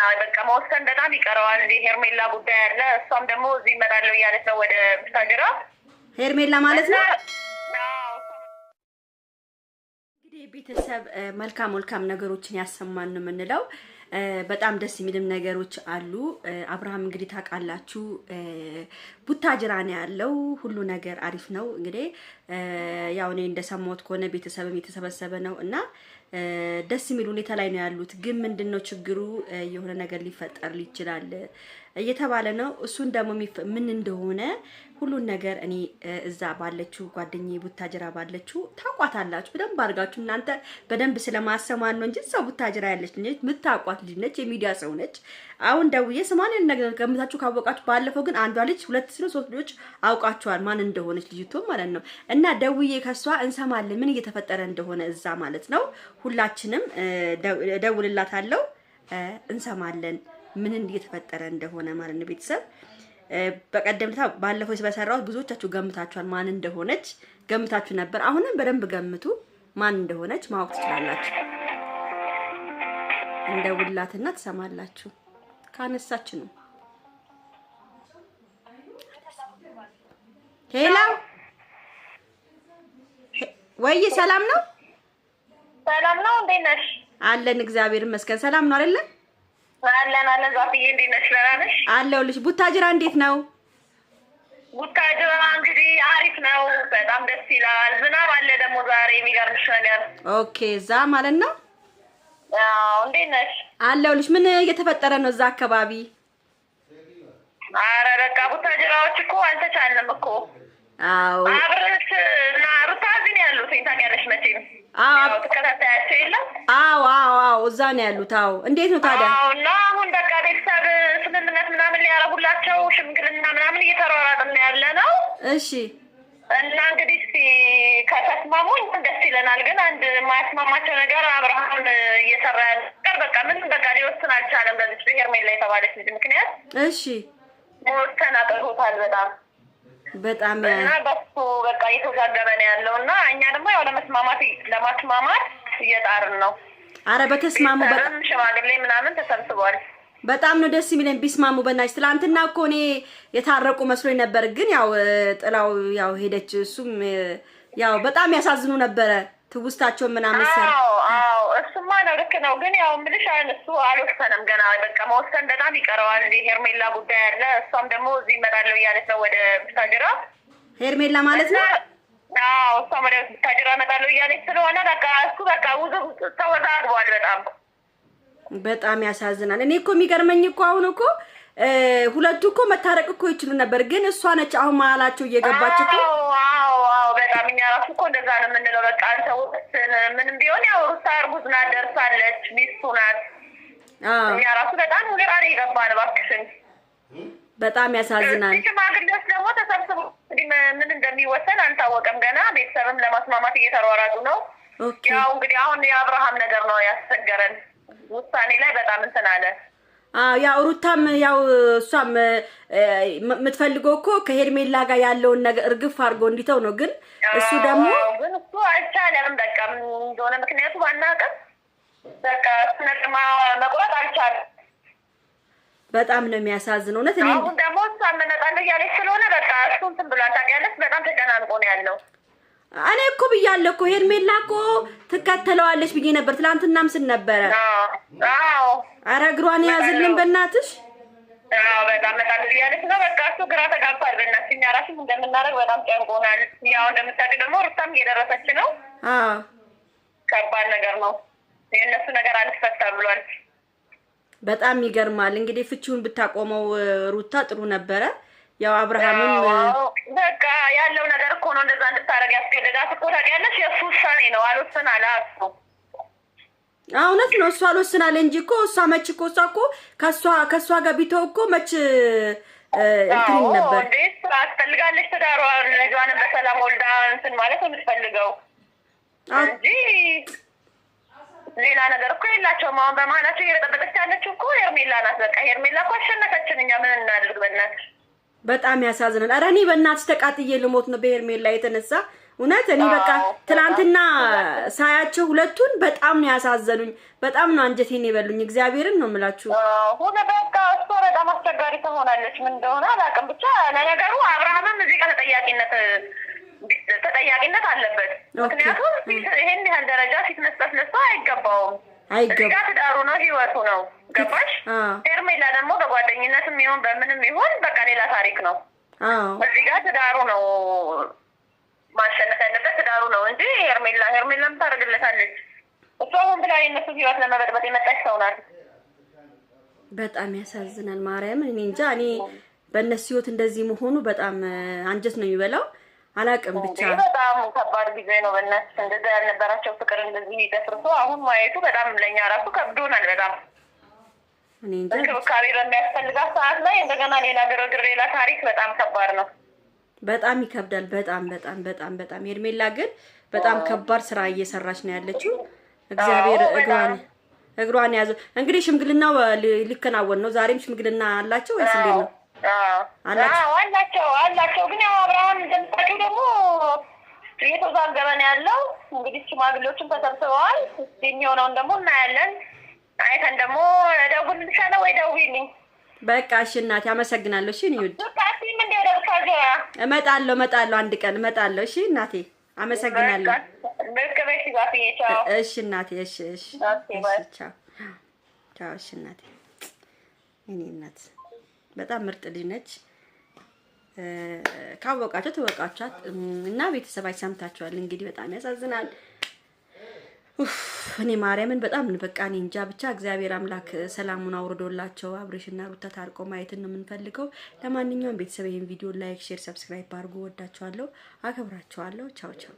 ገና በቃ መወሰን በጣም ይቀረዋል። እዚህ ሄርሜላ ጉዳይ አለ። እሷም ደግሞ እዚህ ይመራለው እያለች ነው ወደ ብታገራ ሄርሜላ ማለት ነው። እንግዲህ ቤተሰብ መልካም መልካም ነገሮችን ያሰማን ነው የምንለው። በጣም ደስ የሚልም ነገሮች አሉ። አብርሃም እንግዲህ ታውቃላችሁ ቡታጅራ ነው ያለው። ሁሉ ነገር አሪፍ ነው። እንግዲህ ያው እኔ እንደሰማሁት ከሆነ ቤተሰብም የተሰበሰበ ነው እና ደስ የሚል ሁኔታ ላይ ነው ያሉት። ግን ምንድን ነው ችግሩ? የሆነ ነገር ሊፈጠር ይችላል እየተባለ ነው። እሱን ደግሞ ምን እንደሆነ ሁሉን ነገር እኔ እዛ ባለችው ጓደኛዬ ቡታጅራ ባለችው ታውቋታላችሁ በደንብ አድርጋችሁ እናንተ በደንብ ስለማሰማን ነው እንጂ እዛው ቡታጅራ ያለች ልጅ ምታውቋት ልጅ ነች፣ የሚዲያ ሰው ነች። አሁን ደውዬ ስማን ነገር ገምታችሁ ካወቃችሁ፣ ባለፈው ግን አንዷ ልጅ ሁለት ስለ ሶስት ልጆች አውቃችኋል ማን እንደሆነች ልጅቶ ማለት ነው። እና ደውዬ ከሷ እንሰማለን ምን እየተፈጠረ እንደሆነ እዛ ማለት ነው። ሁላችንም ደውልላታለሁ እንሰማለን። ምን እየተፈጠረ እንደሆነ ማለት ነው። ቤተሰብ በቀደምታ ባለፈው በሰራሁት ብዙዎቻችሁ ገምታችኋል፣ ማን እንደሆነች ገምታችሁ ነበር። አሁንም በደንብ ገምቱ፣ ማን እንደሆነች ማወቅ ትችላላችሁ። እንደ ውላትና ትሰማላችሁ። ካነሳች ነው ሄላ ወይ ሰላም ነው፣ ሰላም ነው። እንዴት ነሽ? አለን፣ እግዚአብሔር ይመስገን። ሰላም ነው አይደለም አለን ዛፍዬ አለሁልሽ። ቡታጅራ እንዴት ነው? ቡታጅራ እንግዲህ አሪፍ ነው። በጣም ደስ ይላል። ዝናብ አለ ደግሞ ዛሬ የሚገርምሽ ነገር። ኦኬ፣ እዛ ማለት ነው። እንዴት ነሽ? አለሁልሽ። ምን እየተፈጠረ ነው እዛ አካባቢ? አረ በቃ ቡታጅራዎች እኮ አልተቻለም እኮ አብረት እና ሩታ እዚህ ነው ያሉት። ታውቂያለሽ መቼም አዎ አዎ አዎ፣ እዛ ነው ያሉት። አዎ እንዴት ነው ታዲያ? እና አሁን በቃ ቤተሰብ ስምምነት ምናምን ሊያረጉላቸው ሽምግልና ምናምን እየተሯሯጥን ያለ ነው። እሺ እና እንግዲህ እስኪ ከተስማሙ ደስ ይለናል። ግን አንድ የማያስማማቸው ነገር አብርሃም እየሰራ ያለ ነገር በቃ ምንም በቃ ሊወስን አልቻለም። በዚች ብሄር ሜላ የተባለች ልጅ ምክንያት እሺ ሞተን አቅርቦታል በጣም በጣም እና በሱ በቃ እየተዛገበ ነው ያለው እና እኛ ደግሞ ያው ለመስማማት ለማስማማት እየጣርን ነው። አረ በተስማሙ በጣም ሽማግሌ ምናምን ተሰብስቧል። በጣም ነው ደስ የሚለኝ ቢስማሙ። በእናትሽ ትላንትና እኮ እኔ የታረቁ መስሎኝ ነበር፣ ግን ያው ጥላው ያው ሄደች። እሱም ያው በጣም ያሳዝኑ ነበረ ትውስታቸውን ምናምን ነው ልክ ነው። ግን ያው ምልሽ እሱ አልወሰንም ገና በቃ መወሰን በጣም ይቀረዋል። እንዲ ሄርሜላ ጉዳይ አለ። እሷም ደግሞ እዚህ እመጣለሁ እያለች ነው ወደ ብታጅራ። ሄርሜላ ማለት ነው። አዎ እሷም ወደ ብታጅራ እመጣለሁ እያለች ስለሆነ በቃ እሱ በቃ ውዙ ተወዛግቧል። በጣም በጣም ያሳዝናል። እኔ እኮ የሚገርመኝ እኮ አሁን እኮ ሁለቱ እኮ መታረቅ እኮ ይችሉ ነበር፣ ግን እሷ ነች አሁን መሀላቸው እየገባች እኮ በጣም እኛ ራሱ እኮ እንደዛ ነው የምንለው። በቃ አንተ ውስን ምንም ቢሆን ያው ሩታ እርጉዝ ናት፣ ደርሳለች፣ ሚስቱ ናት። እኛ ራሱ በጣም ግራ ነው የገባን። እባክሽን በጣም ያሳዝናል። ሽማግሌዎች ደግሞ ተሰብስቡ እንግዲህ ምን እንደሚወሰን አልታወቀም ገና። ቤተሰብም ለማስማማት እየተሯራጡ ነው። ያው እንግዲህ አሁን የአብርሃም ነገር ነው ያስቸገረን። ውሳኔ ላይ በጣም እንትን አለ። ያው ሩታም ያው እሷም የምትፈልገው እኮ ከሄርሜላ ጋር ያለውን ነገር እርግፍ አድርጎ እንዲተው ነው። ግን እሱ ደግሞ ግን እሱ አልቻለም። በቃ እንደሆነ ምክንያቱ ባናውቅም በቃ እሱ ነቅማ መቁረጥ አልቻለም። በጣም ነው የሚያሳዝን እውነት። አሁን ደግሞ እሷ መነጣለ እያለች ስለሆነ በቃ እሱን ስም ብሏል። ታውቂያለሽ፣ በጣም ተጨናንቆ ነው ያለው እኔ እኮ ብያለሁ እኮ ሄርሜላ እኮ ትከተለዋለች ብዬ ነበር። ትላንትናም ስል ነበረ። እግሯን የያዝልን በእናትሽ። በጣም በጣም ብያለች ነው። በቃ እሱ ግራ ተጋብቷል። በእናትሽ እኛ እንደምናደርግ በጣም ጨንቆናል። ያው እንደምታውቅ ደግሞ ሩታም እየደረሰች ነው። ከባድ ነገር ነው። የእነሱ ነገር አልፈታ ብሏል። በጣም ይገርማል። እንግዲህ ፍቺውን ብታቆመው ሩታ ጥሩ ነበረ። ያው አብርሃምም በቃ ያለው ነገር እኮ ነው እንደዛ እንድታደርግ ያስገደዳት እኮ ታውቂያለሽ። የእሱ ውሳኔ ነው። አልወስን አለ እሱ እውነት ነው። እሷ አልወስናለ እንጂ እኮ እሷ መች እኮ እሷ እኮ ከእሷ ጋር ቢተው እኮ መች እንትን ነበር ትፈልጋለች። ትዳሯ ልጇንም በሰላም ወልዳ እንትን ማለት የምትፈልገው እንጂ ሌላ ነገር እኮ የላቸውም። አሁን በመሀላቸው እየተጠበቀች ያለችው እኮ ሄርሜላ ናት። በቃ ሄርሜላ እኮ አሸነፈችን። እኛ ምን እናድርግ በእናትሽ በጣም ያሳዝናል። ኧረ እኔ በእናትሽ ተቃጥዬ ልሞት ነው በሄርሜላ የተነሳ እውነት። እኔ በቃ ትናንትና ሳያቸው ሁለቱን በጣም ነው ያሳዘኑኝ። በጣም ነው አንጀቴን የበሉኝ። እግዚአብሔርን ነው የምላችሁ። ሁነ በቃ እሱ በጣም አስቸጋሪ ትሆናለች። ምን እንደሆነ አላውቅም። ብቻ ለነገሩ አብርሃምም እዚህ ጋር ተጠያቂነት ተጠያቂነት አለበት። ምክንያቱም ይህን ያህል ደረጃ ፊት መስጠት ለሷ አይገባውም። አይገባ ትዳሩ ነው ህይወቱ ነው ገባሽ? ሄርሜላ ደግሞ በጓደኝነትም ይሁን በምንም ይሁን በቃ ሌላ ታሪክ ነው። እዚህ ጋር ትዳሩ ነው ማሸነፍ ያለበት ትዳሩ ነው እንጂ ሄርሜላ ሄርሜላ ታደርግለታለች። እሱ አሁን ብላ ህይወት ለመበጥበጥ የመጣች ሰው ናት። በጣም ያሳዝናል። ማርያም እኔ እንጃ እኔ በእነሱ ህይወት እንደዚህ መሆኑ በጣም አንጀት ነው የሚበላው። አላቅም ብቻ በጣም ከባድ ጊዜ ነው። በእነሱ እንደዛ ያልነበራቸው ፍቅር እንደዚህ ተፍርሶ አሁን ማየቱ በጣም ለእኛ ራሱ ከብዶናል በጣም እንክብካቤ በሚያስፈልጋት ሰዓት ላይ እንደገና ሌላ ግርግር፣ ሌላ ታሪክ በጣም ከባድ ነው። በጣም ይከብዳል። በጣም በጣም በጣም በጣም ሄርሜላ ግን በጣም ከባድ ስራ እየሰራች ነው ያለችው። እግዚአብሔር እግሯን እግሯን ያዘው። እንግዲህ ሽምግልናው ሊከናወን ነው። ዛሬም ሽምግልና አላቸው ወይስ እንዴት ነው? አላቸው አላቸው አላቸው። ግን ያው አብርሃም እንደምታውቂው ደግሞ እየተወዛገበ ነው ያለው። እንግዲህ ሽማግሌዎችም ተሰብስበዋል። የሚሆነውን ደግሞ እናያለን። አይተን ደግሞ እደውልልሻለሁ ወይ ደውይልኝ። በቃ እሺ እናቴ አመሰግናለሁ። እሺ ኒውድ እመጣለሁ እመጣለሁ፣ አንድ ቀን እመጣለሁ። እሺ እናቴ አመሰግናለሁ። እሺ እናቴ እሺ እሺ እሺ፣ ቻው። እሺ እናቴ እኔ እናት በጣም ምርጥ ልጅ ነች። ካወቃቸው ተወቃቸዋት እና ቤተሰባች ሰምታቸዋል። እንግዲህ በጣም ያሳዝናል። ኡፍ እኔ ማርያምን በጣም በቃ እኔ እንጃ ብቻ እግዚአብሔር አምላክ ሰላሙን አውርዶላቸው አብሬሽና ሩታ ታርቆ ማየት ነው የምንፈልገው። ለማንኛውም ቤተሰብ ይህን ቪዲዮ ላይክ፣ ሼር፣ ሰብስክራይብ አድርጉ። ወዳቸዋለሁ፣ አከብራቸዋለሁ። ቻው ቻው።